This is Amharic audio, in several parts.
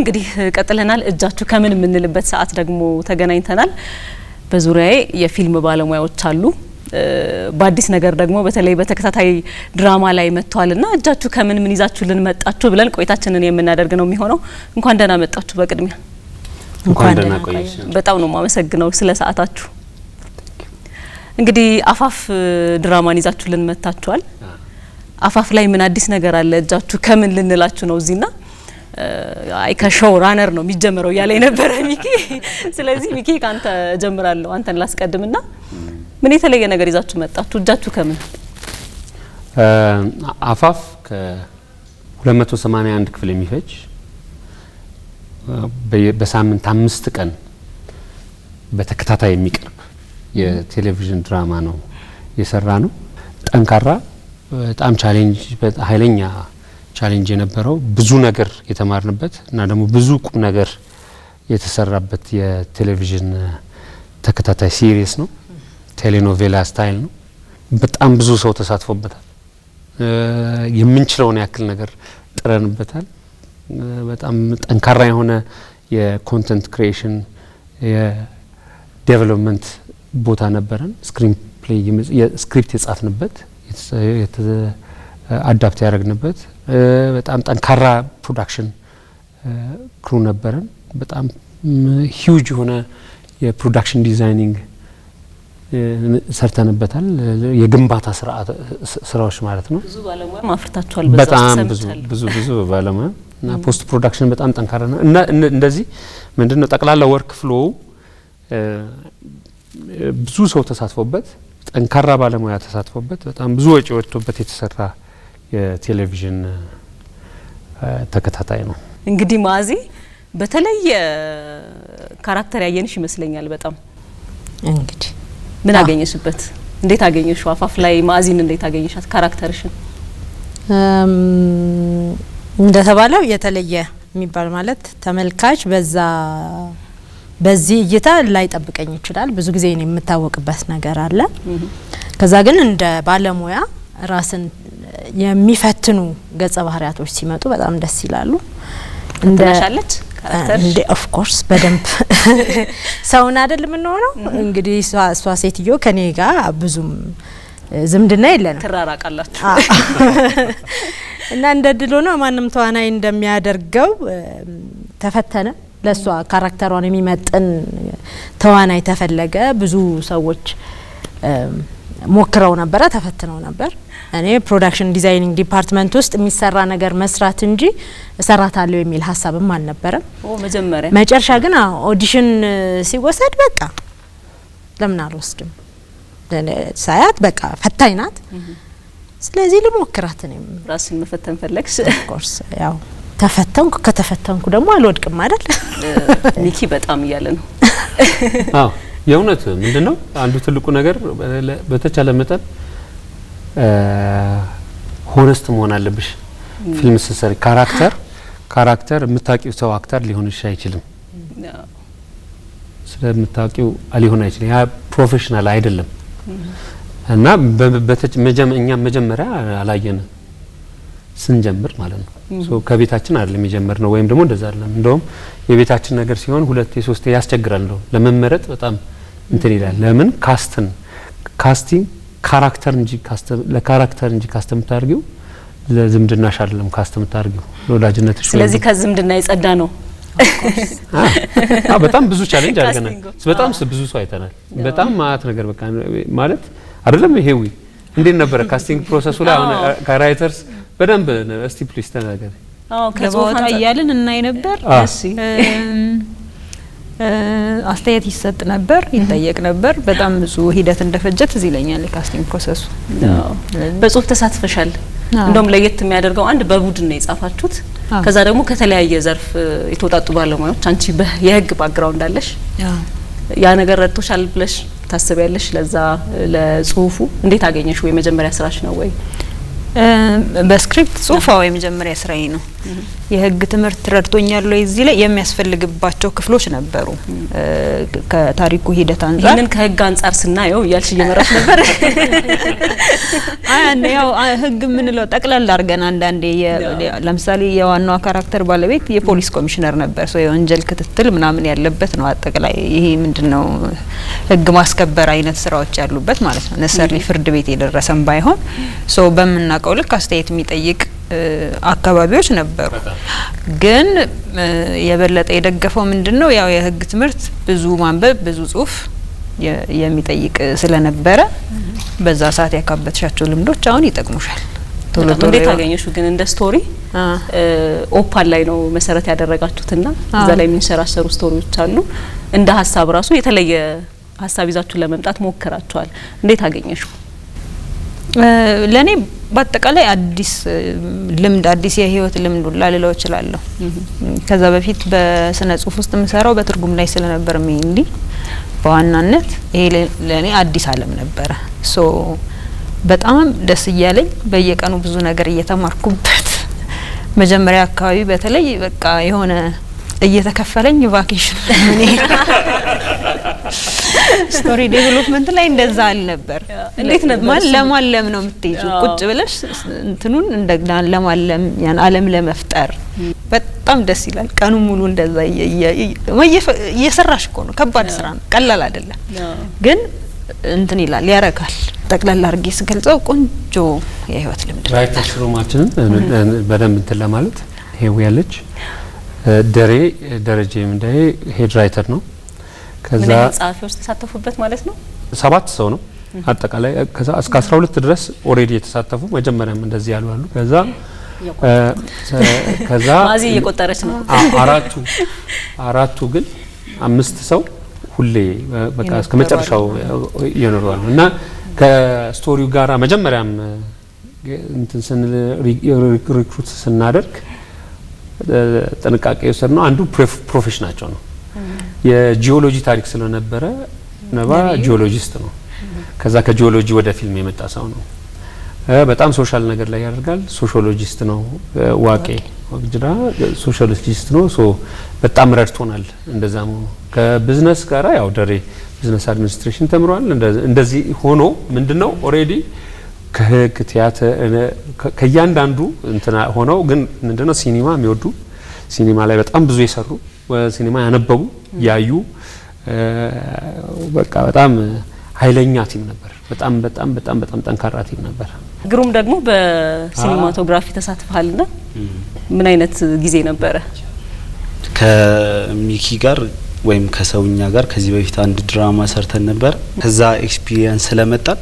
እንግዲህ ቀጥለናል። እጃችሁ ከምን የምንልበት ሰዓት ደግሞ ተገናኝተናል። በዙሪያዬ የፊልም ባለሙያዎች አሉ። በአዲስ ነገር ደግሞ በተለይ በተከታታይ ድራማ ላይ መጥተዋል እና እጃችሁ ከምን ምን ይዛችሁልን መጣችሁ ብለን ቆይታችንን የምናደርግ ነው የሚሆነው። እንኳን ደህና መጣችሁ። በቅድሚያ እንኳን ደህና በጣም ነው የማመሰግነው ስለ ሰዓታችሁ። እንግዲህ አፋፍ ድራማን ይዛችሁልን መጥታችኋል። አፋፍ ላይ ምን አዲስ ነገር አለ? እጃችሁ ከምን ልንላችሁ ነው እዚህና ከሾው ራነር ነው የሚጀምረው እያለ የነበረ ሚኪ። ስለዚህ ሚኪ ከአንተ ጀምራለሁ፣ አንተን ላስቀድምና ምን የተለየ ነገር ይዛችሁ መጣችሁ? እጃችሁ ከምን አፋፍ ከ281 ክፍል የሚፈጅ በሳምንት አምስት ቀን በተከታታይ የሚቀርብ የቴሌቪዥን ድራማ ነው የሰራ ነው። ጠንካራ፣ በጣም ቻሌንጅ፣ ኃይለኛ ቻሌንጅ የነበረው ብዙ ነገር የተማርንበት እና ደግሞ ብዙ ቁም ነገር የተሰራበት የቴሌቪዥን ተከታታይ ሲሪስ ነው። ቴሌኖቬላ ስታይል ነው። በጣም ብዙ ሰው ተሳትፎበታል። የምንችለውን ያክል ነገር ጥረንበታል። በጣም ጠንካራ የሆነ የኮንተንት ክሪኤሽን የዴቨሎፕመንት ቦታ ነበረን። ስክሪን ፕሌይ ስክሪፕት የጻፍንበት አዳፕት ያደረግንበት በጣም ጠንካራ ፕሮዳክሽን ክሩ ነበረን። በጣም ሂውጅ የሆነ የፕሮዳክሽን ዲዛይኒንግ ሰርተንበታል። የግንባታ ስራዎች ማለት ነው። ብዙ ባለሙያ በጣም ብዙ ብዙ ብዙ ባለሙያ እና ፖስት ፕሮዳክሽን በጣም ጠንካራ ነው እና እንደዚህ ምንድን ነው ጠቅላላ ወርክ ፍሎው ብዙ ሰው ተሳትፎበት ጠንካራ ባለሙያ ተሳትፎበት በጣም ብዙ ወጪ ወጥቶበት የተሰራ የቴሌቪዥን ተከታታይ ነው። እንግዲህ ማዚ በተለየ ካራክተር ያየንሽ ይመስለኛል። በጣም እንግዲህ ምን አገኘሽበት? እንዴት አገኘሽ? አፋፍ ላይ ማዚን እንዴት አገኘሻት? ካራክተርሽን እንደተባለው የተለየ የሚባል ማለት ተመልካች በዛ በዚህ እይታ ላይ ጠብቀኝ ይችላል። ብዙ ጊዜ የምታወቅበት ነገር አለ። ከዛ ግን እንደ ባለሙያ ራስን የሚፈትኑ ገጸ ባህሪያቶች ሲመጡ በጣም ደስ ይላሉ። እንደሻለች እንደ ኦፍ ኮርስ በደንብ ሰውን አይደል የምንሆነው። እንግዲህ እሷ ሴትዮ ከኔ ጋር ብዙም ዝምድና የለንም፣ ትራራቃላችሁ እና እንደ ነው ማንም ተዋናይ እንደሚያደርገው ተፈተነ። ለእሷ ካራክተሯን የሚመጥን ተዋናይ ተፈለገ። ብዙ ሰዎች ሞክረው ነበረ፣ ተፈትነው ነበር። እኔ ፕሮዳክሽን ዲዛይኒንግ ዲፓርትመንት ውስጥ የሚሰራ ነገር መስራት እንጂ እሰራታለሁ የሚል ሀሳብም አልነበረም። መጀመሪያ መጨረሻ ግን ኦዲሽን ሲወሰድ በቃ ለምን አልወስድም ሳያት በቃ ፈታኝ ናት፣ ስለዚህ ልሞክራት። እኔም ራስን መፈተን ፈለግሽ? ኦፍኮርስ ያው ተፈተንኩ። ከተፈተንኩ ደግሞ አልወድቅም አይደል? ሚኪ በጣም እያለ ነው። አዎ የእውነት ምንድን ነው አንዱ ትልቁ ነገር በተቻለ መጠን ሆነስት መሆን አለብሽ። ፊልም ስትሰሪ ካራክተር ካራክተር የምታውቂው ሰው አክተር ሊሆንሽ አይችልም። ስለምታውቂው ሊሆን አይችልም። ያ ፕሮፌሽናል አይደለም እና እኛ መጀመሪያ አላየን ስንጀምር ማለት ነው። ከቤታችን አይደለም የጀመር ነው ወይም ደግሞ እንደዛ አይደለም። እንደውም የቤታችን ነገር ሲሆን ሁለቴ ሶስቴ ያስቸግራል። እንደውም ለመመረጥ በጣም እንትን ይላል። ለምን ካስትን ካስቲንግ ካራክተር እንጂ ለካራክተር እንጂ ካስተም ታርጊው ለዝምድናሽ አይደለም ካስተም ታርጊው ለወዳጅነት ለወዳጅነትሽ። ስለዚህ ከዝምድና የጸዳ ነው። አዎ በጣም ብዙ ቻሌንጅ አድርገናል። በጣም ብዙ ሰው አይተናል። በጣም ማለት ነገር በቃ ማለት አይደለም ይሄው እንዴት ነበረ ካስቲንግ ፕሮሰሱ ላይ አሁን ከራይተርስ በደንብ እስቲ ፕሊስ ተናገር። አዎ ከቦታ እያልን እናይ ነበር። አስተያየት ይሰጥ ነበር፣ ይጠየቅ ነበር። በጣም ብዙ ሂደት እንደፈጀ ትዝ ይለኛል የካስቲንግ ፕሮሰሱ። በጽሁፍ ተሳትፈሻል። እንደውም ለየት የሚያደርገው አንድ በቡድን ነው የጻፋችሁት። ከዛ ደግሞ ከተለያየ ዘርፍ የተውጣጡ ባለሙያዎች፣ አንቺ የህግ ባግራውንድ አለሽ። ያ ነገር ረድቶሻል ብለሽ ታስቢያለሽ? ለዛ ለጽሁፉ እንዴት ወይ የመጀመሪያ ስራሽ ነው ወይ? በስክሪፕት ጽሁፍ የመጀመሪያ ስራዬ ነው። የህግ ትምህርት ረድቶኛል ወይ እዚህ ላይ የሚያስፈልግባቸው ክፍሎች ነበሩ። ከታሪኩ ሂደት አንጻር ይህንን ከህግ አንጻር ስናየው እያልሽ እየመራሽ ነበር። አያን ያው ህግ የምንለው ጠቅላላ አድርገን አንዳንዴ ለምሳሌ የዋናዋ ካራክተር ባለቤት የፖሊስ ኮሚሽነር ነበር። ሰው የወንጀል ክትትል ምናምን ያለበት ነው። አጠቃላይ ይሄ ምንድነው ህግ ማስከበር አይነት ስራዎች ያሉበት ማለት ነው። ነሰሪ ፍርድ ቤት የደረሰም ባይሆን ሶ በምናውቀው በምናውቀው ልክ አስተያየት የሚጠይቅ አካባቢዎች ነበሩ። ግን የበለጠ የደገፈው ምንድን ነው ያው የህግ ትምህርት ብዙ ማንበብ ብዙ ጽሁፍ የሚጠይቅ ስለነበረ በዛ ሰዓት ያካበትሻቸው ልምዶች አሁን ይጠቅሙሻል። እንዴት አገኘሹ? ግን እንደ ስቶሪ ኦፓል ላይ ነው መሰረት ያደረጋችሁትና እዛ ላይ የሚንሸራሸሩ ስቶሪዎች አሉ። እንደ ሀሳብ ራሱ የተለየ ሀሳብ ይዛችሁ ለመምጣት ሞክራችኋል። እንዴት አገኘሹ? ለእኔ በአጠቃላይ አዲስ ልምድ አዲስ የህይወት ልምድ ላ ልለው እችላለሁ። ከዛ በፊት በስነ ጽሁፍ ውስጥ የምሰራው በትርጉም ላይ ስለነበር ሜንሊ በዋናነት ይሄ ለእኔ አዲስ አለም ነበረ። ሶ በጣም ደስ እያለኝ በየቀኑ ብዙ ነገር እየተማርኩበት መጀመሪያ አካባቢ በተለይ በቃ የሆነ እየተከፈለኝ ቫኬሽን ስቶሪ ዴቨሎፕመንት ላይ እንደዛ አልነበር። እንዴት ነበር? ለማለም ነው የምትይዙ ቁጭ ብለሽ እንትኑን እንደገና ለማለም ያን አለም ለመፍጠር በጣም ደስ ይላል። ቀኑ ሙሉ እንደዛ እየሰራሽ እኮ ነው። ከባድ ስራ ነው፣ ቀላል አይደለም። ግን እንትን ይላል ያረጋል። ጠቅላላ አድርጌ ስገልጸው ቆንጆ የህይወት ልምድ ራይተሽ ሩማችንን በደንብ እንትን ለማለት ሄው ያለች ደሬ ደረጀ ምንዳዬ ሄድ ራይተር ነው ከዛ ጸሐፊዎች ተሳተፉበት ማለት ነው። ሰባት ሰው ነው አጠቃላይ እስከ 12 ድረስ ኦሬዲ የተሳተፉ መጀመሪያም እንደዚህ ያሉ አሉ። ከዛ ከዛ ማዚ እየቆጠረች ነው። አራቱ አራቱ ግን አምስት ሰው ሁሌ በቃ እስከ መጨረሻው ይኖራሉ እና ከስቶሪው ጋር መጀመሪያም እንትን ስንል ሪክሩት ስናደርግ ጥንቃቄ የወሰድ ነው አንዱ ፕሮፌሽናቸው ነው የጂኦሎጂ ታሪክ ስለነበረ ነባ ጂኦሎጂስት ነው። ከዛ ከጂኦሎጂ ወደ ፊልም የመጣ ሰው ነው። በጣም ሶሻል ነገር ላይ ያደርጋል። ሶሻሎጂስት ነው። ዋቄ ወግጅራ ሶሻሎጂስት ነው። ሶ በጣም ረድቶናል። እንደዛ መሆኑ ከቢዝነስ ጋራ ያው ደሬ ቢዝነስ አድሚኒስትሬሽን ተምሯል። እንደዚህ ሆኖ ምንድነው ኦሬዲ ከህግ ቲያትር ከእያንዳንዱ እንትና ሆነው ግን ምንድነው ሲኒማ የሚወዱ ሲኒማ ላይ በጣም ብዙ የሰሩ ሲኒማ ያነበቡ ያዩ በቃ በጣም ኃይለኛ ቲም ነበር። በጣም በጣም በጣም በጣም ጠንካራ ቲም ነበር። ግሩም ደግሞ በሲኒማቶግራፊ ተሳትፈሃልና ምን አይነት ጊዜ ነበረ? ከሚኪ ጋር ወይም ከሰውኛ ጋር ከዚህ በፊት አንድ ድራማ ሰርተን ነበር። ከዛ ኤክስፒሪየንስ ስለመጣን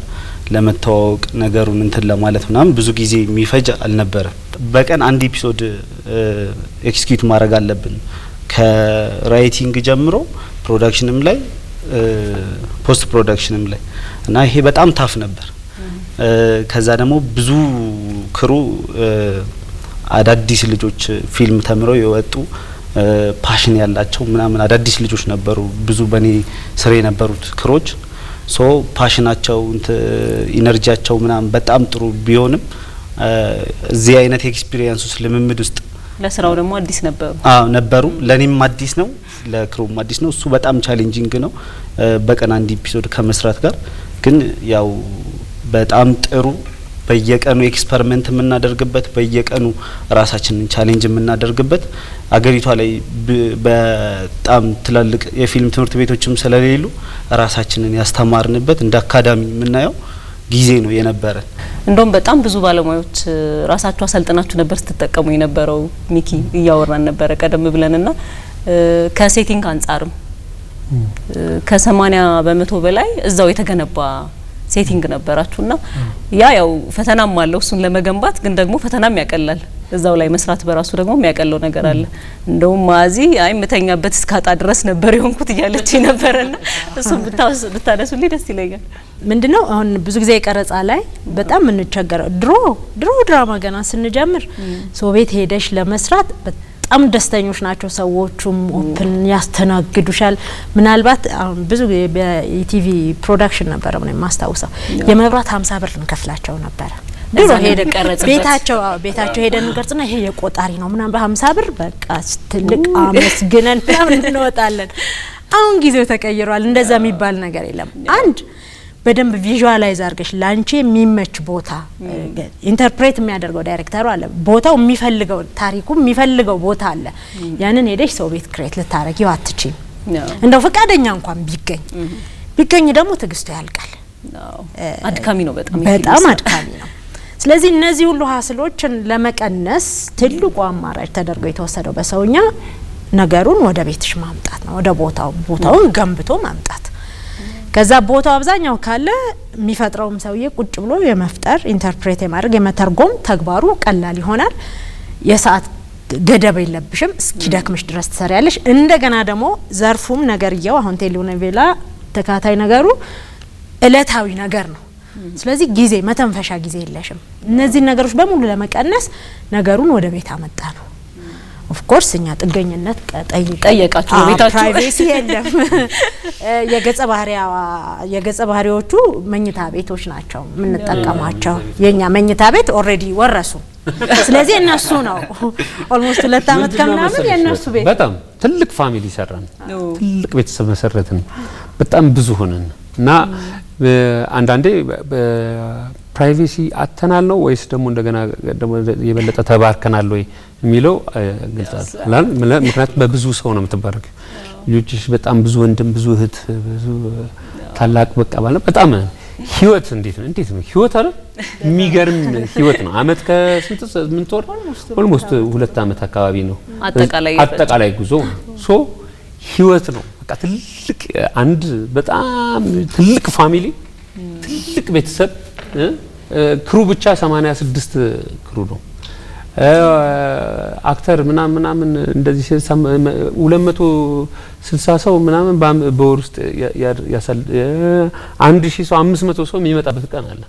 ለመተዋወቅ ነገሩን እንትን ለማለት ምናምን ብዙ ጊዜ የሚፈጅ አልነበረም። በቀን አንድ ኤፒሶድ ኤክስኪዩት ማድረግ አለብን ከራይቲንግ ጀምሮ ፕሮዳክሽንም ላይ ፖስት ፕሮዳክሽንም ላይ እና ይሄ በጣም ታፍ ነበር። ከዛ ደግሞ ብዙ ክሩ አዳዲስ ልጆች ፊልም ተምረው የወጡ ፓሽን ያላቸው ምናምን አዳዲስ ልጆች ነበሩ። ብዙ በእኔ ስር የነበሩት ክሮች ሶ ፓሽናቸው ኢነርጂያቸው ምናምን በጣም ጥሩ ቢሆንም እዚህ አይነት ኤክስፒሪየንስ ውስጥ ልምምድ ውስጥ ለስራው ደግሞ አዲስ ነበሩ። አዎ ነበሩ። ለኔም አዲስ ነው፣ ለክሩም አዲስ ነው። እሱ በጣም ቻሌንጂንግ ነው በቀን አንድ ኤፒሶድ ከመስራት ጋር ግን ያው በጣም ጥሩ በየቀኑ ኤክስፐሪመንት የምናደርግበት በየቀኑ ራሳችንን ቻሌንጅ የምናደርግበት አገሪቷ ላይ በጣም ትላልቅ የፊልም ትምህርት ቤቶችም ስለሌሉ ራሳችንን ያስተማርንበት እንደ አካዳሚ የምናየው ጊዜ ነው የነበረ። እንደውም በጣም ብዙ ባለሙያዎች ራሳችሁ አሰልጥናችሁ ነበር ስትጠቀሙ የነበረው ሚኪ እያወራን ነበረ ቀደም ብለንና ከሴቲንግ አንጻርም ከሰማኒያ በመቶ በላይ እዛው የተገነባ ሴቲንግ ነበራችሁና ያ ያው ፈተናም አለው እሱን ለመገንባት ግን ደግሞ ፈተናም ያቀላል። እዛው ላይ መስራት በራሱ ደግሞ የሚያቀለው ነገር አለ። እንደውም ማዚ አይ ምተኛበት እስካጣ ድረስ ነበር የሆንኩት እያለች ነበረና እሱም ብታነሱልኝ ደስ ይለኛል። ምንድነው አሁን ብዙ ጊዜ ቀረጻ ላይ በጣም የምንቸገረው ድሮ ድሮ ድራማ ገና ስንጀምር ሰው ቤት ሄደሽ ለመስራት በጣም ደስተኞች ናቸው። ሰዎቹም ኦፕን ያስተናግዱሻል። ምናልባት አሁን ብዙ በኢቲቪ ፕሮዳክሽን ነበረ ነው የማስታውሰው የመብራት ሀምሳ ብር እንከፍላቸው ነበረ ድሮ ቤታቸው ቤታቸው ሄደን እንቀርጽና ይሄ የቆጣሪ ነው ምናምን በሀምሳ ብር በቃ ትልቅ አመስግነን ምናምን እንወጣለን። አሁን ጊዜው ተቀይሯል። እንደዛ የሚባል ነገር የለም አንድ በደንብ ቪዥዋላይዝ አድርገሽ ላንቺ የሚመች ቦታ ኢንተርፕሬት የሚያደርገው ዳይሬክተሩ አለ። ቦታው የሚፈልገው ታሪኩ የሚፈልገው ቦታ አለ። ያንን ሄደሽ ሰው ቤት ክሬት ልታረጊው አትችም። እንደው ፈቃደኛ እንኳን ቢገኝ ቢገኝ ደግሞ ትግስቱ ያልቃል። አድካሚ ነው፣ በጣም በጣም አድካሚ ነው። ስለዚህ እነዚህ ሁሉ ሀስሎችን ለመቀነስ ትልቁ አማራጭ ተደርጎ የተወሰደው በሰውኛ ነገሩን ወደ ቤትሽ ማምጣት ነው። ወደ ቦታው ቦታውን ገንብቶ ማምጣት ከዛ ቦታው አብዛኛው ካለ የሚፈጥረውም ሰውዬ ቁጭ ብሎ የመፍጠር ኢንተርፕሬት የማድረግ የመተርጎም ተግባሩ ቀላል ይሆናል። የሰዓት ገደብ የለብሽም። እስኪደክምሽ ድረስ ትሰሪያለሽ። እንደገና ደግሞ ዘርፉም ነገርየው አሁን ቴሌኖቬላ ተካታይ ነገሩ እለታዊ ነገር ነው። ስለዚህ ጊዜ መተንፈሻ ጊዜ የለሽም። እነዚህን ነገሮች በሙሉ ለመቀነስ ነገሩን ወደ ቤት አመጣ ነው። ኦፍኮርስ እኛ ጥገኝነት ጠየቃችሁ ቤታችሁ ፕራይቬሲ የለም። የገጸ ባህሪያዋ የገጸ ባህሪዎቹ መኝታ ቤቶች ናቸው የምንጠቀማቸው። የእኛ መኝታ ቤት ኦልሬዲ ወረሱ። ስለዚህ እነሱ ነው ኦልሞስት ሁለት አመት ከምናምን የእነሱ ቤት በጣም ትልቅ ፋሚሊ ሰራን፣ ትልቅ ቤተሰብ መሰረትን፣ በጣም ብዙ ሆነን እና አንዳንዴ ፕራይቬሲ አተናል ነው ወይስ ደግሞ እንደገና የበለጠ ተባርከናል ወይ የሚለው ግልጻል። ምክንያቱም በብዙ ሰው ነው የምትባረክ። ልጆችሽ በጣም ብዙ ወንድም፣ ብዙ እህት፣ ብዙ ታላቅ በቃ ባለ በጣም ህይወት እንዴት ነው እንዴት ነው ህይወት አለ። የሚገርም ህይወት ነው። አመት ከስንት ስምንት ወር ኦልሞስት ሁለት አመት አካባቢ ነው አጠቃላይ ጉዞ ሶ ህይወት ነው በቃ ትልቅ አንድ በጣም ትልቅ ፋሚሊ ትልቅ ቤተሰብ ክሩ ብቻ 86 ክሩ ነው። አክተር ምናምን ምናምን እንደዚህ 260 ሰው ምናምን በወር ውስጥ ያሳል 1000 ሰው 500 ሰው የሚመጣበት ቀን አለ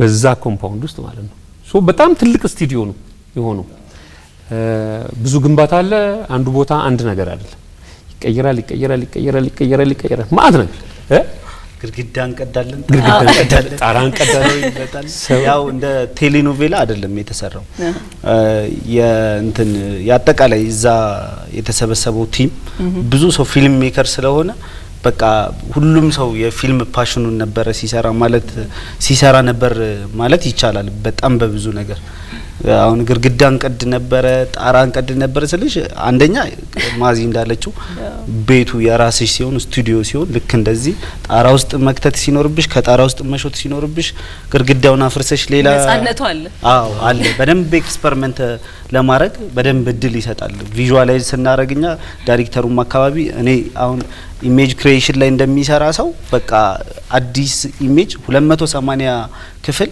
በዛ ኮምፓውንድ ውስጥ ማለት ነው። ሶ በጣም ትልቅ ስቱዲዮ ነው የሆነው። ብዙ ግንባታ አለ። አንዱ ቦታ አንድ ነገር አይደለም። ይቀየራል፣ ይቀየራል፣ ይቀየራል፣ ይቀየራል፣ ይቀየራል ማለት ነገር ግድግዳ እንቀዳለን፣ ጣራ እንቀዳለን። ያው እንደ ቴሌኖቬላ አይደለም የተሰራው። የእንትን የአጠቃላይ እዛ የተሰበሰበው ቲም ብዙ ሰው ፊልም ሜከር ስለሆነ በቃ ሁሉም ሰው የፊልም ፓሽኑን ነበረ ሲሰራ ማለት ሲሰራ ነበር ማለት ይቻላል። በጣም በብዙ ነገር አሁን ግድግዳ እንቀድ ነበረ፣ ጣራ እንቀድ ነበረ ስልሽ አንደኛ ማዚ እንዳለችው ቤቱ የራስሽ ሲሆን ስቱዲዮ ሲሆን ልክ እንደዚህ ጣራ ውስጥ መክተት ሲኖርብሽ፣ ከጣራ ውስጥ መሾት ሲኖርብሽ፣ ግርግዳውን አፍርሰሽ ሌላ ነጻነቱ አለ። አዎ አለ። በደንብ ኤክስፐሪመንት ለማድረግ በደንብ እድል ይሰጣል። ቪዥዋላይዝ ስናደረግኛ ዳይሬክተሩም አካባቢ እኔ አሁን ኢሜጅ ክሪኤሽን ላይ እንደሚሰራ ሰው በቃ አዲስ ኢሜጅ 280 ክፍል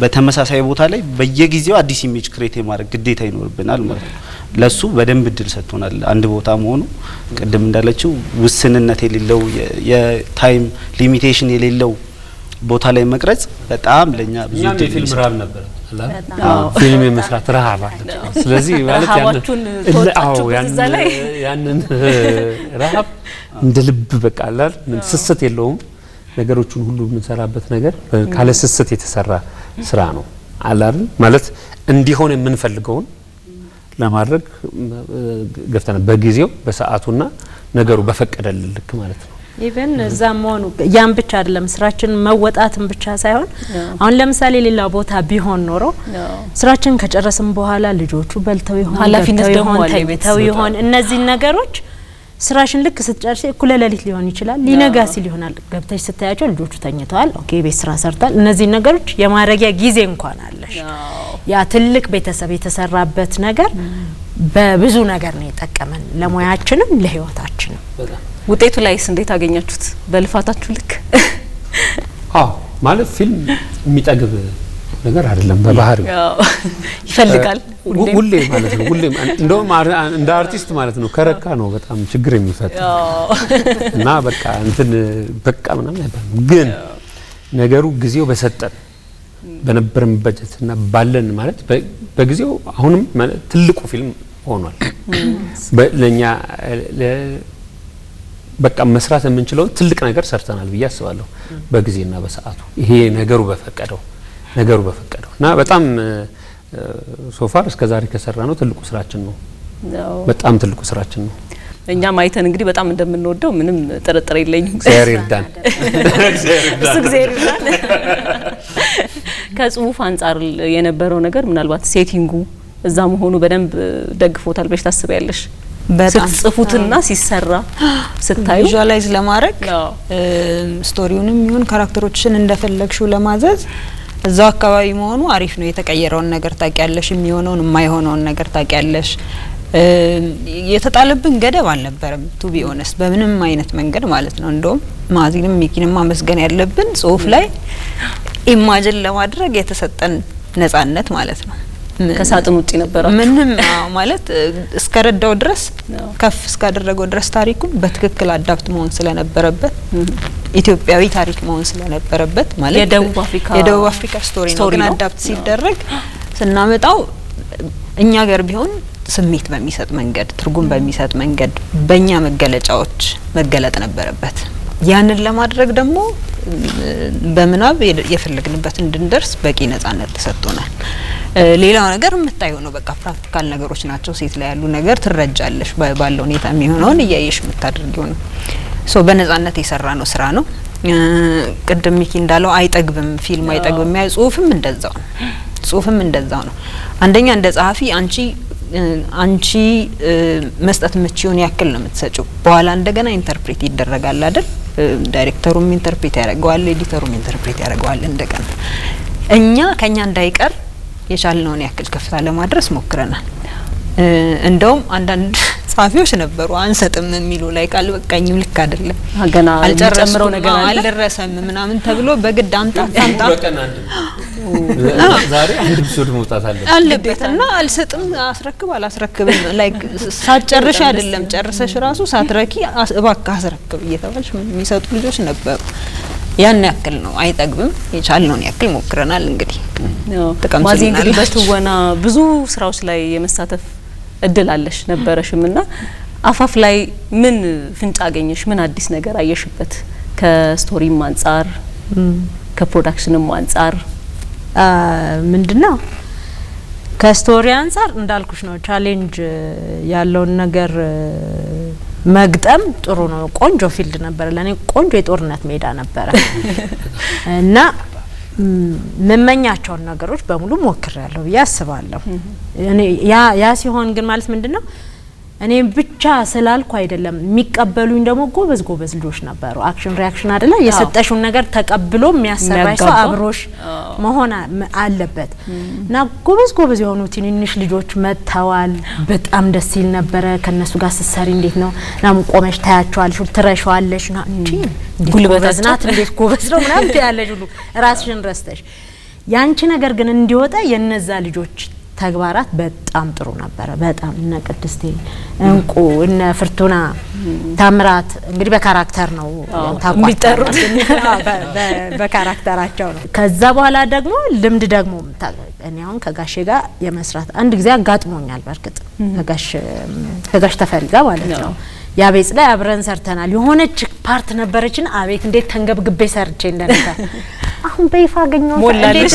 በተመሳሳይ ቦታ ላይ በየጊዜው አዲስ ኢሜጅ ክሬት የማድረግ ግዴታ ይኖርብናል ማለት ነው። ለሱ በደንብ እድል ሰጥቶናል። አንድ ቦታ መሆኑ ቅድም እንዳለችው ውስንነት የሌለው የታይም ሊሚቴሽን የሌለው ቦታ ላይ መቅረጽ በጣም ለኛ ብዙ ፊልም ራብ ነበር ፊልም የመስራት ረሃብ አለ። ስለዚህ ማለት ያንን ረሃብ እንደ ልብ በቃ አላል ስስት የለውም ነገሮችን ሁሉ የምንሰራበት ነገር ካለ ስስት የተሰራ ስራ ነው አላል ማለት እንዲሆን የምንፈልገውን ለማድረግ ገፍተናል። በጊዜው በሰዓቱና ነገሩ በፈቀደልን ልክ ማለት ነው። ኢቨን እዛ መሆኑ ያን ብቻ አይደለም፣ ስራችን መወጣትን ብቻ ሳይሆን አሁን ለምሳሌ ሌላ ቦታ ቢሆን ኖሮ ስራችን ከጨረስን በኋላ ልጆቹ በልተው ይሆን ኃላፊነት ደግሞ ተው ይሆን እነዚህን ነገሮች ስራሽን ልክ ስትጨርሽ እኩለ ሌሊት ሊሆን ይችላል፣ ሊነጋ ሲል ይሆናል። ገብተሽ ስታያቸው ልጆቹ ተኝተዋል። ኦኬ ቤት ስራ ሰርቷል። እነዚህ ነገሮች የማረጊያ ጊዜ እንኳን አለሽ። ያ ትልቅ ቤተሰብ የተሰራበት ነገር በብዙ ነገር ነው የጠቀመን፣ ለሙያችንም ለህይወታችንም። ውጤቱ ላይስ እንዴት አገኛችሁት? በልፋታችሁ ልክ አዎ ማለት ፊልም የሚጠግብ ነገር አይደለም። በባህሪው ይፈልጋል ሁሌ ማለት ነው። ሁሌ እንደውም እንደ አርቲስት ማለት ነው ከረካ ነው በጣም ችግር የሚፈጥ እና በቃ እንትን በቃ ምናምን አይባልም። ግን ነገሩ ጊዜው በሰጠን በነበረን በጀት እና ባለን ማለት በጊዜው አሁንም ትልቁ ፊልም ሆኗል ለእኛ በቃ መስራት የምንችለውን ትልቅ ነገር ሰርተናል ብዬ አስባለሁ። በጊዜና በሰዓቱ ይሄ ነገሩ በፈቀደው ነገሩ በፈቀደው እና በጣም ሶፋር እስከ ዛሬ ከሰራ ነው ትልቁ ስራችን ነው። በጣም ትልቁ ስራችን ነው። እኛም አይተን እንግዲህ በጣም እንደምንወደው ምንም ጥርጥር የለኝም። እግዚአብሔር ይርዳን፣ እግዚአብሔር ይርዳን። ከጽሁፍ አንጻር የነበረው ነገር ምናልባት ሴቲንጉ እዛ መሆኑ በደንብ ደግፎታል ብለሽ ታስቢያለሽ? ስትጽፉትና ሲሰራ ስታዩ ቪዥዋላይዝ ለማድረግ ስቶሪውንም ይሁን ካራክተሮችን እንደፈለግሽው ለማዘዝ እዛው አካባቢ መሆኑ አሪፍ ነው። የተቀየረውን ነገር ታውቂያለሽ፣ የሚሆነውን የማይሆነውን ነገር ታውቂያለሽ። የተጣለብን ገደብ አልነበረም። ቱ ቢ ኦነስት በምንም አይነት መንገድ ማለት ነው። እንደውም ማዚንም ሚኪንም ማመስገን ያለብን ጽሁፍ ላይ ኢማጅን ለማድረግ የተሰጠን ነጻነት ማለት ነው። ከሳጥን ውጪ ነበራችሁ። ምንም ማለት እስከረዳው ድረስ ከፍ እስካደረገው ድረስ ታሪኩን በትክክል አዳፕት መሆን ስለነበረበት ኢትዮጵያዊ ታሪክ መሆን ስለነበረበት ማለት የደቡብ አፍሪካ የደቡብ አፍሪካ ስቶሪ ነው። ግን አዳፕት ሲደረግ ስናመጣው እኛ ጋር ቢሆን ስሜት በሚሰጥ መንገድ ትርጉም በሚሰጥ መንገድ በእኛ መገለጫዎች መገለጥ ነበረበት። ያንን ለማድረግ ደግሞ በምናብ የፈለግንበት እንድንደርስ በቂ ነጻነት ተሰጥቶናል። ሌላው ነገር የምታየው ነው። በቃ ፕራክቲካል ነገሮች ናቸው። ሴት ላይ ያሉ ነገር ትረጃለሽ። ባለው ሁኔታ የሚሆነውን እያየሽ የምታደርጊው ነው። ሶ በነጻነት የሰራ ነው ስራ ነው። ቅድም ሚኪ እንዳለው አይጠግብም፣ ፊልም አይጠግብም። ያ ጽሁፍም እንደዛው ነው። ጽሁፍም እንደዛው ነው። አንደኛ እንደ ጸሐፊ አንቺ አንቺ መስጠት ምችውን ያክል ነው የምትሰጪው። በኋላ እንደገና ኢንተርፕሬት ይደረጋል አይደል? ዳይሬክተሩም ኢንተርፕሬት ያደርገዋል፣ ኤዲተሩም ኢንተርፕሬት ያደርገዋል እንደገና እኛ ከኛ እንዳይቀር የቻልነውን ያክል ከፍታ ለማድረስ ሞክረናል። እንደውም አንዳንድ ጸሐፊዎች ነበሩ አንሰጥም የሚሉ ላይ ቃል በቃኝም ልክ አይደለም ገና አልጨረስኩም አልደረሰም ምናምን ተብሎ በግድ አምጣ አምጣ ዛሬ አንድ ብሶድ መውጣት አለበት እና አልሰጥም አስረክብ አላስረክብም ላይክ ሳትጨርሽ አይደለም ጨርሰሽ ራሱ ሳትረኪ እባክህ አስረክብ እየተባልሽ የሚሰጡ ልጆች ነበሩ። ያን ያክል ነው፣ አይጠግብም። የቻልነውን ያክል ሞክረናል። እንግዲህ ማዚ እንግዲህ በትወና ብዙ ስራዎች ላይ የመሳተፍ እድል አለሽ ነበረሽም እና አፋፍ ላይ ምን ፍንጭ አገኘሽ? ምን አዲስ ነገር አየሽበት? ከስቶሪም አንጻር ከፕሮዳክሽንም አንጻር ምንድነው? ከስቶሪ አንጻር እንዳልኩሽ ነው ቻሌንጅ ያለውን ነገር መግጠም ጥሩ ነው። ቆንጆ ፊልድ ነበረ፣ ለእኔ ቆንጆ የጦርነት ሜዳ ነበረ እና መመኛቸውን ነገሮች በሙሉ ሞክሬያለሁ ብዬ አስባለሁ። ያ ሲሆን ግን ማለት ምንድን ነው እኔ ብቻ ስላልኩ አይደለም የሚቀበሉኝ። ደግሞ ጎበዝ ጎበዝ ልጆች ነበሩ። አክሽን ሪያክሽን አይደለ የሰጠሽውን ነገር ተቀብሎ የሚያሰራሽ ሰው አብሮሽ መሆን አለበት እና ጎበዝ ጎበዝ የሆኑ ትንንሽ ልጆች መጥተዋል። በጣም ደስ ይል ነበረ። ከእነሱ ጋር ስትሰሪ እንዴት ነው ናም ቆመሽ ታያቸዋለሽ፣ ትረሸዋለሽ ና እንጂ ጉልበቷ ናት እንዴት ጎበዝ ነው ምናምን ያለሽ ሁሉ ራስሽን ረስተሽ ያንቺ ነገር ግን እንዲወጣ የነዛ ልጆች ተግባራት በጣም ጥሩ ነበረ። በጣም እነ ቅድስቴ እንቁ እነ ፍርቱና ታምራት እንግዲህ በካራክተር ነው ታቋሚጠሩት በካራክተራቸው ነው። ከዛ በኋላ ደግሞ ልምድ ደግሞ እኔ አሁን ከጋሼ ጋር የመስራት አንድ ጊዜ አጋጥሞኛል። በእርግጥ ከጋሽ ተፈሪ ማለት ነው ያቤት ላይ አብረን ሰርተናል። የሆነች ፓርት ነበረችን። አቤት እንዴት ተንገብግቤ ሰርቼ እንደነበር አሁን በይፋ አገኘው ሞላለሽ።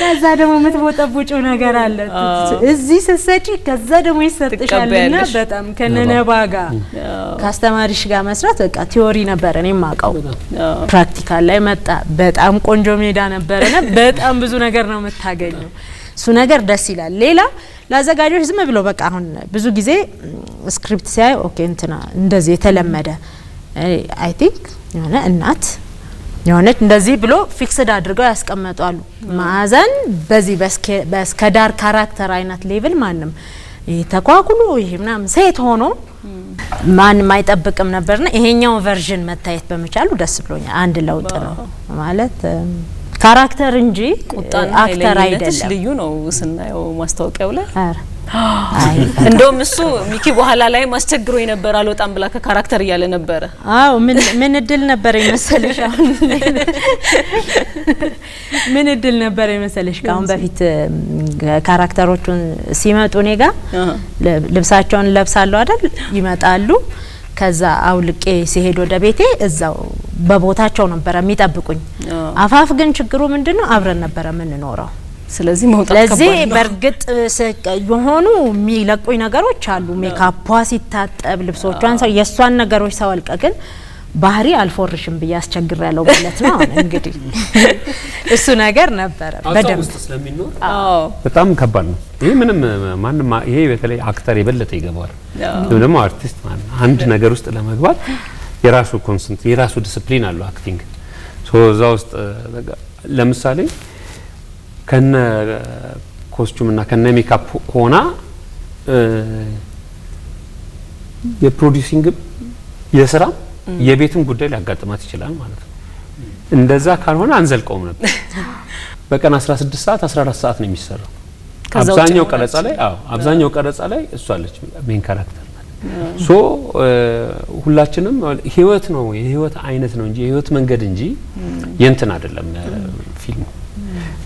ከዛ ደግሞ የምትቦጠቡጭው ነገር አለ። እዚህ ስትሰጪ ከዛ ደግሞ ይሰጥሻልና በጣም ከነነባ ጋር ከአስተማሪሽ ጋር መስራት በቃ ቲዮሪ ነበር እኔ የማውቀው፣ ፕራክቲካል ላይ መጣ። በጣም ቆንጆ ሜዳ ነበረና በጣም ብዙ ነገር ነው የምታገኘው። እሱ ነገር ደስ ይላል። ሌላ ለአዘጋጆች ዝም ብሎ በቃ አሁን ብዙ ጊዜ ስክሪፕት ሲያይ ኦኬ እንትና እንደዚህ የተለመደ አይ ቲንክ የሆነ እናት የሆነች እንደዚህ ብሎ ፊክስድ አድርገው ያስቀመጧሉ። ማዕዘን በዚህ በስከዳር ካራክተር አይነት ሌቭል ማንም ተኳኩሎ ይሄ ምናምን ሴት ሆኖ ማንም አይጠብቅም ነበርና ይሄኛው ቨርዥን መታየት በመቻሉ ደስ ብሎኛል። አንድ ለውጥ ነው ማለት ካራክተር እንጂ ቁጣና አክተር አይደለም። ልዩ ነው ስናየው ማስታወቂያው ላይ እንደውም እሱ ሚኪ በኋላ ላይ ማስቸግሮ ነበር። አልወጣም ብላ ከካራክተር እያለ ነበረ። አዎ ምን እድል ነበር የመሰለሽ አሁን ምን እድል ነበር የመሰለሽ ከአሁን በፊት ካራክተሮቹን ሲመጡ እኔ ጋ ልብሳቸውን ለብሳለሁ አይደል? ይመጣሉ ከዛ አውልቄ ሲሄድ ወደ ቤቴ እዛው በቦታቸው ነበረ የሚጠብቁኝ። አፋፍ ግን ችግሩ ምንድነው አብረን ነበረ የምንኖረው ስለዚህ መውጣት ለዚህ በእርግጥ የሆኑ የሚለቁኝ ነገሮች አሉ። ሜካፖ ሲታጠብ ልብሶቿን ሰው የእሷን ነገሮች ሰው አልቀ ግን ባህሪ አልፎርሽም ብዬ አስቸግር ያለው ማለት ነው። እንግዲህ እሱ ነገር ነበረ በደንብ በጣም ከባድ ነው። ይሄ ምንም ማንም ይሄ በተለይ አክተር የበለጠ ይገባዋል። ደግሞ አርቲስት ማለት አንድ ነገር ውስጥ ለመግባት የራሱ ኮንሰንት የራሱ ዲስፕሊን አለው። አክቲንግ እዛ ውስጥ ለምሳሌ ከነ ኮስቱም እና ከነ ሜካፕ ሆና የፕሮዲሲንግ የስራም የቤትም ጉዳይ ሊያጋጥማት ይችላል ማለት ነው። እንደዛ ካልሆነ አንዘልቀውም ነበር። በቀን 16 ሰዓት 14 ሰዓት ነው የሚሰራው። አብዛኛው ቀረጻ ላይ አዎ፣ አብዛኛው ቀረጻ ላይ እሷ አለች ሜን ካራክተር ሶ ሁላችንም ህይወት ነው የህይወት አይነት ነው እንጂ የህይወት መንገድ እንጂ የእንትን አይደለም ፊልሙ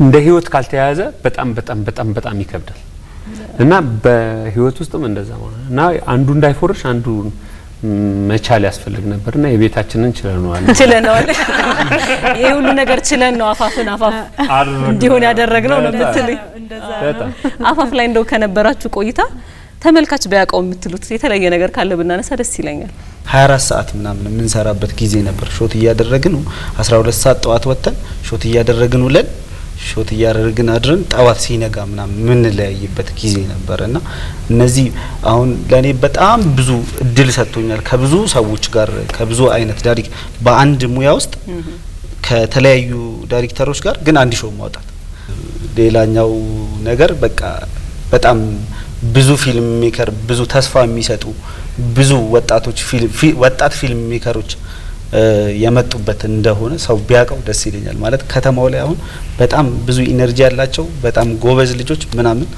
እንደ ህይወት ካልተያያዘ በጣም በጣም በጣም በጣም ይከብዳል እና በህይወት ውስጥም እንደዛ እና አንዱ እንዳይፎርሽ አንዱ መቻል ያስፈልግ ነበር እና የቤታችንን ችለነዋል ችለነዋል። ይህ ሁሉ ነገር ችለን ነው አፋፍን አፋፍ እንዲሆን ያደረግ ነው የምትልኝ። አፋፍ ላይ እንደው ከነበራችሁ ቆይታ ተመልካች ቢያውቀው የምትሉት የተለየ ነገር ካለ ብናነሳ ደስ ይለኛል። 24 ሰዓት ምናምን የምንሰራበት ጊዜ ነበር። ሾት እያደረግን 12 ሰዓት ጠዋት ወጥተን ሾት እያደረግን ውለን ሾት እያደረግን አድረን ጠዋት ሲነጋ ምናምን የምንለያይበት ጊዜ ነበር እና እነዚህ አሁን ለእኔ በጣም ብዙ እድል ሰጥቶኛል። ከብዙ ሰዎች ጋር ከብዙ አይነት ዳይሬክ በአንድ ሙያ ውስጥ ከተለያዩ ዳይሬክተሮች ጋር ግን አንድ ሾው ማውጣት። ሌላኛው ነገር በቃ በጣም ብዙ ፊልም ሜከር ብዙ ተስፋ የሚሰጡ ብዙ ወጣቶች ወጣት ፊልም ሜከሮች የመጡበት እንደሆነ ሰው ቢያውቀው ደስ ይለኛል። ማለት ከተማው ላይ አሁን በጣም ብዙ ኢነርጂ ያላቸው በጣም ጎበዝ ልጆች ምናምን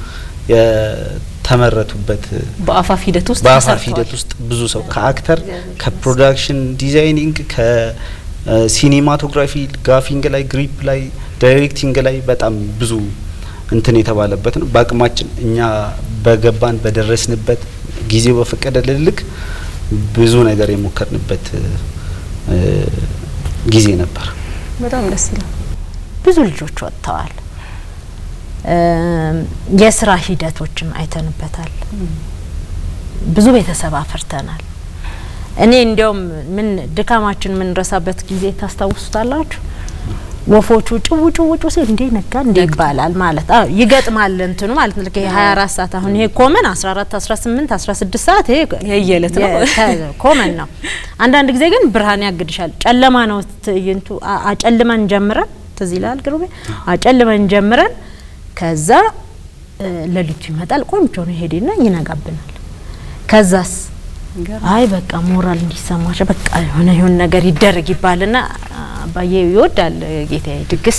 የተመረቱበት በአፋፍ ሂደት ውስጥ በአፋፍ ሂደት ውስጥ ብዙ ሰው ከአክተር ከፕሮዳክሽን ዲዛይኒንግ ከሲኒማቶግራፊ ጋፊንግ ላይ ግሪፕ ላይ ዳይሬክቲንግ ላይ በጣም ብዙ እንትን የተባለበት ነው። በአቅማችን እኛ በገባን በደረስንበት ጊዜው በፈቀደ ልልቅ ብዙ ነገር የሞከርንበት ጊዜ ነበር። በጣም ደስ ይላል። ብዙ ልጆች ወጥተዋል። የስራ ሂደቶችን አይተንበታል። ብዙ ቤተሰብ አፍርተናል። እኔ እንዲያውም ምን ድካማችን የምንረሳበት ጊዜ ታስታውሱታላችሁ? ወፎቹ ጭው ጭው ጭው ሲል እንዴ ነጋ እንዴ ይባላል ማለት አዎ ይገጥማል እንትኑ ማለት ነው። ይሄ 24 ሰዓት አሁን ይሄ ኮመን 14 18 16 ሰዓት ይሄ የየለት ነው ኮመን ነው። አንዳንድ ጊዜ ግን ብርሃን ያግድሻል። ጨለማ ነው ትዕይንቱ። አጨልመን ጀምረን ትዝ ይላል ግሩቤ አጨልመን ጀምረን ከዛ ሌሊቱ ይመጣል ቆንጆ ነው ይሄድና ይነጋብናል። ከዛስ አይ በቃ ሞራል እንዲሰማሽ በቃ የሆነ የሆነ ነገር ይደረግ ይባልና አባዬ ይወዳል ጌታዬ ድግስ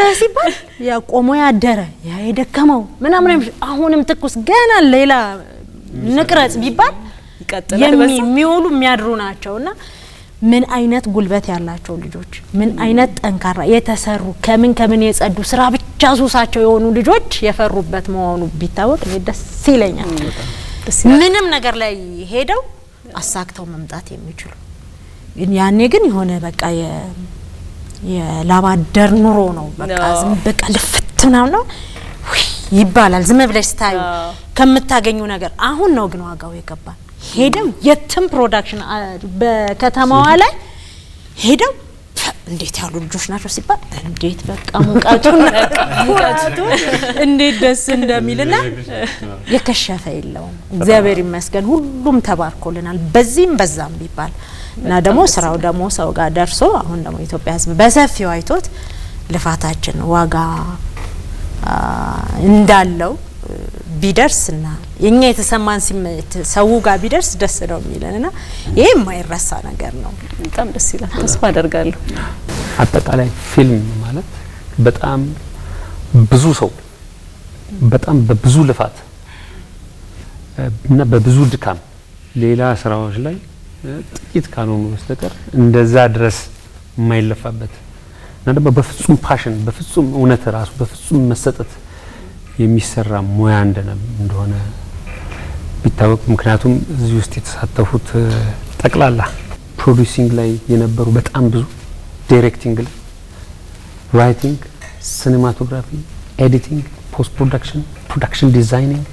ሲባል ያ ቆሞ ያደረ ያ የደከመው ምናምን አሁንም ትኩስ ገና ሌላ ንቅረጽ ቢባል የሚውሉ የሚያድሩ ናቸውና ምን አይነት ጉልበት ያላቸው ልጆች፣ ምን አይነት ጠንካራ የተሰሩ ከምን ከምን የጸዱ ስራ ብቻ ሱሳቸው የሆኑ ልጆች የፈሩበት መሆኑ ቢታወቅ እኔ ደስ ይለኛል። ምንም ነገር ላይ ሄደው አሳክተው መምጣት የሚችሉ ያኔ ግን የሆነ በቃ የላባደር ኑሮ ነው። በቃ ዝም በቃ ልፍት ምናምን ነው ይባላል። ዝም ብለሽ ስታዩ ከምታገኙ ነገር አሁን ነው ግን ዋጋው የገባል። ሄደው የትም ፕሮዳክሽን በከተማዋ ላይ ሄደው እንዴት ያሉ ልጆች ናቸው ሲባል እንዴት በቃ ሙቀቱን ሙቀቱን እንዴት ደስ እንደሚልና የከሸፈ የለውም። እግዚአብሔር ይመስገን ሁሉም ተባርኮልናል። በዚህም በዛም ቢባል እና ደግሞ ስራው ደግሞ ሰው ጋር ደርሶ አሁን ደግሞ ኢትዮጵያ ሕዝብ በሰፊው አይቶት ልፋታችን ዋጋ እንዳለው ቢደርስና የኛ የተሰማን ስሜት ሰው ጋር ቢደርስ ደስ ነው የሚለን እና ይሄ የማይረሳ ነገር ነው። በጣም ደስ ይላል። ተስፋ አደርጋለሁ። አጠቃላይ ፊልም ማለት በጣም ብዙ ሰው በጣም በብዙ ልፋት እና በብዙ ድካም ሌላ ስራዎች ላይ ጥቂት ካልሆኑ በስተቀር እንደዛ ድረስ የማይለፋበት እና ደግሞ በፍጹም ፓሽን በፍጹም እውነት ራሱ በፍጹም መሰጠት የሚሰራ ሙያ እንደሆነ ቢታወቅ ምክንያቱም እዚህ ውስጥ የተሳተፉት ጠቅላላ ፕሮዲሲንግ ላይ የነበሩ በጣም ብዙ ዲሬክቲንግ ላይ፣ ራይቲንግ፣ ሲኒማቶግራፊ፣ ኤዲቲንግ፣ ፖስት ፕሮዳክሽን፣ ፕሮዳክሽን ዲዛይኒንግ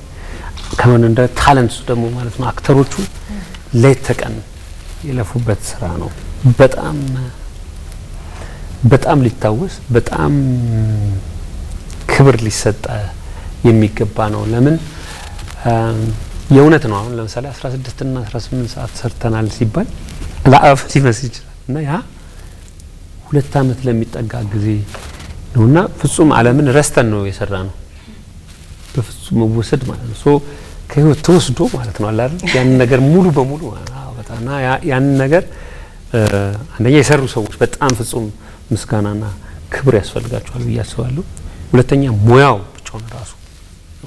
ከሆነ እንደ ታለንትሱ ደግሞ ማለት ነው አክተሮቹ ሌት ተቀን የለፉበት ስራ ነው። በጣም በጣም ሊታወስ በጣም ክብር ሊሰጠ የሚገባ ነው። ለምን የእውነት ነው። አሁን ለምሳሌ 16 እና 18 ሰዓት ሰርተናል ሲባል ለአፍ ሊመስል ይችላል እና ያ ሁለት አመት ለሚጠጋ ጊዜ ነውና ፍጹም አለምን ረስተን ነው የሰራ ነው። በፍጹም መወሰድ ማለት ነው። ሶ ከህይወት ተወስዶ ማለት ነው አላል ያን ነገር ሙሉ በሙሉ አወጣና ያን ነገር አንደኛ የሰሩ ሰዎች በጣም ፍጹም ምስጋናና ክብር ያስፈልጋቸዋል ብዬ አስባለሁ። ሁለተኛ ሙያው ብቻውን ራሱ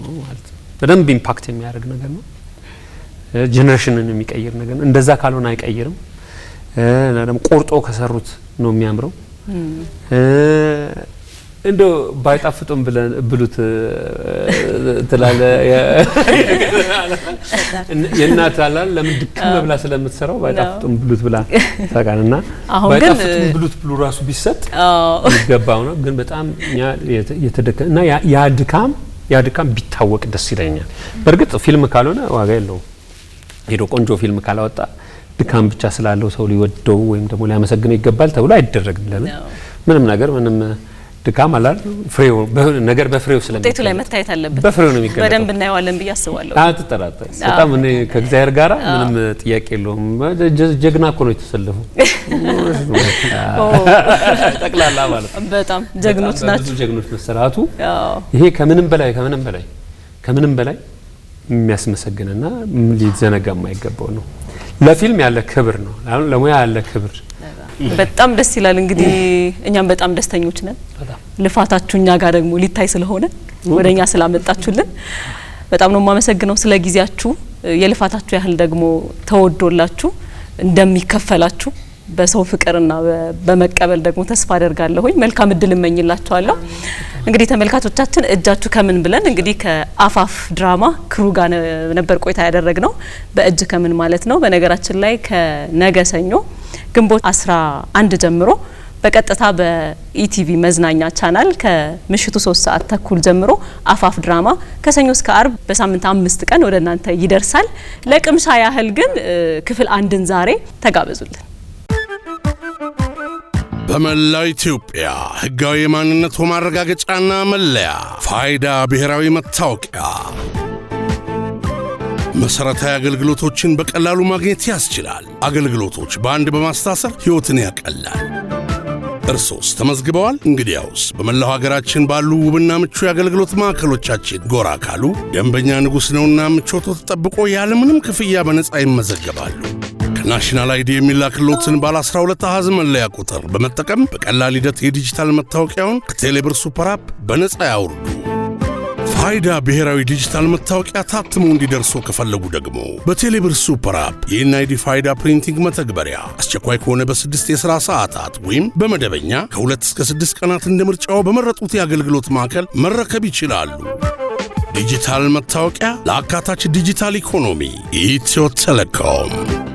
ነው ማለት ነው። በደንብ ኢምፓክት የሚያደርግ ነገር ነው። ጀነሬሽንን የሚቀይር ነገር ነው። እንደዛ ካልሆነ አይቀይርም። እና ደግሞ ቆርጦ ከሰሩት ነው የሚያምረው። እንዶ ባይጣፍጡም ብለን ብሉት ትላለ የእናት አላል ለምን ድክም መብላ ስለምትሰራው ባይጣፍጡም ብሉት ብላ ታውቃልና፣ ባይጣፍጡም ብሉት ብሉ ራሱ ቢሰጥ ይገባው ነው። ግን በጣም እኛ የተደከ እና ያ ድካም ያ ድካም ቢታወቅ ደስ ይለኛል። በእርግጥ ፊልም ካልሆነ ዋጋ የለውም። ሄዶ ቆንጆ ፊልም ካላወጣ ድካም ብቻ ስላለው ሰው ሊወደው ወይም ደግሞ ሊያመሰግነው ይገባል ተብሎ አይደረግም። ለምን ምንም ነገር ምንም ድካም አላል ፍሬው ነገር በፍሬው ስለሚታይ ላይ መታየት አለበት። በፍሬው ነው የሚገለጠው። በደንብ እናየዋለን ብዬ አስባለሁ። አትጠራጠር። በጣም እኔ ከእግዚአብሔር ጋራ ምንም ጥያቄ የለውም። ጀግና እኮ ነው የተሰለፉ ጠቅላላ ማለት በጣም ጀግኖች ናቸው። ጀግኖች መሰራቱ ይሄ ከምንም በላይ ከምንም በላይ ከምንም በላይ የሚያስመሰግንና ሊዘነጋ የማይገባው ነው። ለፊልም ያለ ክብር ነው። ለሙያ ያለ ክብር በጣም ደስ ይላል። እንግዲህ እኛም በጣም ደስተኞች ነን። ልፋታችሁ እኛ ጋር ደግሞ ሊታይ ስለሆነ ወደ እኛ ስላመጣችሁልን በጣም ነው የማመሰግነው ስለ ጊዜያችሁ። የልፋታችሁ ያህል ደግሞ ተወዶላችሁ እንደሚከፈላችሁ በሰው ፍቅርና በመቀበል ደግሞ ተስፋ አደርጋለሁኝ። መልካም እድል እመኝላችኋለሁ። እንግዲህ ተመልካቾቻችን እጃችሁ ከምን ብለን እንግዲህ ከአፋፍ ድራማ ክሩ ጋር ነበር ቆይታ ያደረግ ነው። በእጅ ከምን ማለት ነው። በነገራችን ላይ ከነገ ሰኞ ግንቦት 11 ጀምሮ በቀጥታ በኢቲቪ መዝናኛ ቻናል ከምሽቱ ሶስት ሰዓት ተኩል ጀምሮ አፋፍ ድራማ ከሰኞ እስከ አርብ በሳምንት አምስት ቀን ወደ እናንተ ይደርሳል። ለቅምሻ ያህል ግን ክፍል አንድን ዛሬ ተጋበዙልን። በመላው ኢትዮጵያ ሕጋዊ የማንነቱ ማረጋገጫና መለያ ፋይዳ ብሔራዊ መታወቂያ መሠረታዊ አገልግሎቶችን በቀላሉ ማግኘት ያስችላል። አገልግሎቶች በአንድ በማስታሰር ሕይወትን ያቀላል። እርሶስ ተመዝግበዋል? እንግዲያውስ በመላው ሀገራችን ባሉ ውብና ምቹ የአገልግሎት ማዕከሎቻችን ጎራ ካሉ ደንበኛ ንጉሥ ነውና ምቾቶ ተጠብቆ ያለምንም ክፍያ በነፃ ይመዘገባሉ። ናሽናል አይዲ የሚላክሎትን ባለ 12 አሃዝ መለያ ቁጥር በመጠቀም በቀላል ሂደት የዲጂታል መታወቂያውን ከቴሌብር ሱፐር አፕ በነፃ ያውርዱ። ፋይዳ ብሔራዊ ዲጂታል መታወቂያ ታትሞ እንዲደርሶ ከፈለጉ ደግሞ በቴሌብር ሱፐር አፕ ይህን አይዲ ፋይዳ ፕሪንቲንግ መተግበሪያ አስቸኳይ ከሆነ በስድስት የሥራ ሰዓታት ወይም በመደበኛ ከሁለት እስከ ስድስት ቀናት እንደ ምርጫው በመረጡት የአገልግሎት ማዕከል መረከብ ይችላሉ። ዲጂታል መታወቂያ ለአካታች ዲጂታል ኢኮኖሚ ኢትዮ ቴሌኮም